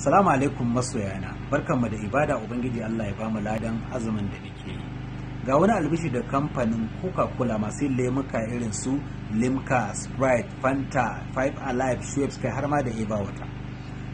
Salamu alaikum masoyana, barkanmu da ibada Ubangiji Allah ya bamu ladan azumin da nake yi. Ga wani albishi da kamfanin Coca-Cola masu lemuka irin su Limca, Sprite, Fanta, Five Alive, Schweppes kai har ma da Eva wata.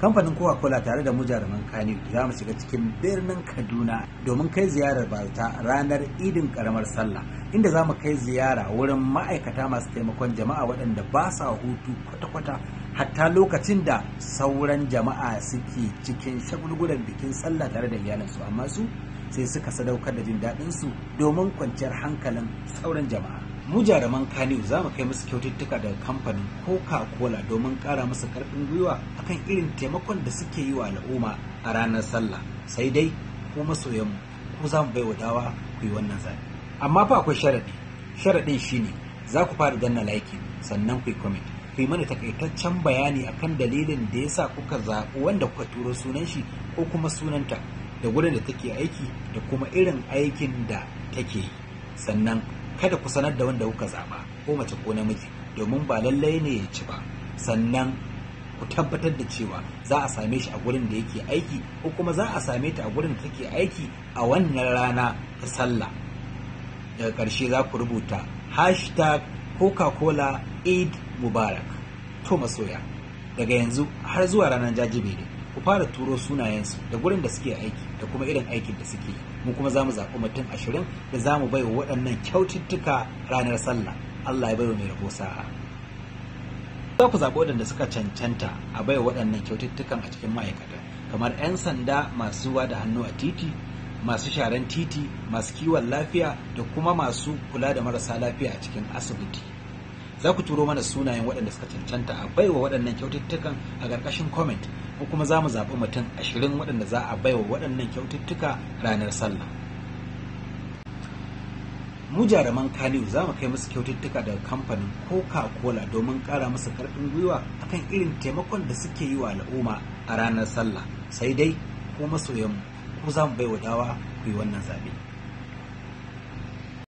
kamfanin coca-cola tare da mujarumin kani za mu shiga cikin birnin kaduna domin kai ziyarar bauta ranar idin karamar sallah inda za mu kai ziyara wurin ma'aikata masu taimakon jama'a waɗanda ba sa hutu kwata-kwata hatta lokacin da sauran jama'a suke cikin shagulgulan bikin sallah tare da iyalinsu amma su sai suka sadaukar da jin daɗinsu domin kwanciyar hankalin sauran jama'a mu jaruman kaniyu za mu kai musu kyaututtuka daga kamfanin coca-cola domin kara musu karfin gwiwa akan irin taimakon da suke yi wa al'umma a ranar sallah sai dai ku masoyanmu ku za mu baiwa dawa ku yi wannan zaɓe amma fa akwai sharaɗi sharaɗin shine za ku fara danna like sannan ku yi comment ku yi mana takaitaccen bayani akan dalilin da yasa kuka zaɓi wanda kuka turo sunan shi ko kuma sunanta da gurin da take aiki da kuma irin aikin da take yi sannan kada ku sanar da wanda kuka zaba ko mace ko namiji domin ba lallai ne ya ci ba sannan ku tabbatar da cewa za a same shi a gurin da yake aiki ko kuma za a same ta a gurin da take aiki a wannan rana ta sallah daga ƙarshe za ku rubuta hashtag coca-cola eid mubarak to masoya daga yanzu har zuwa ranar jajibere ku fara turo sunayensu da gurin da suke aiki da kuma irin aikin da suke mu kuma za mu zaɓi mutum ashirin da za mu baiwa waɗannan kyaututtuka ranar sallah allah ya baiwa mai rabo sa'a za ku zaɓi waɗanda suka cancanta a baiwa waɗannan kyaututtukan a cikin ma'aikata kamar 'yan sanda masu ruwa da hannu a titi masu sharan titi masu kiwon lafiya da kuma masu kula da marasa lafiya a cikin asibiti za ku turo mana sunayen waɗanda suka cancanta a baiwa waɗannan kyaututtukan a ƙarƙashin comment ko kuma za mu zaɓi mutum ashirin waɗanda za a baiwa waɗannan kyaututtuka ranar sallah mu jaruman kaniyu za mu kai musu kyaututtuka daga kamfanin coca-cola domin ƙara musu ƙarfin gwiwa akan irin taimakon da suke yi wa al'umma a ranar sallah sai dai ko masoyanmu ko za mu baiwa dawa ku yi wannan zaɓe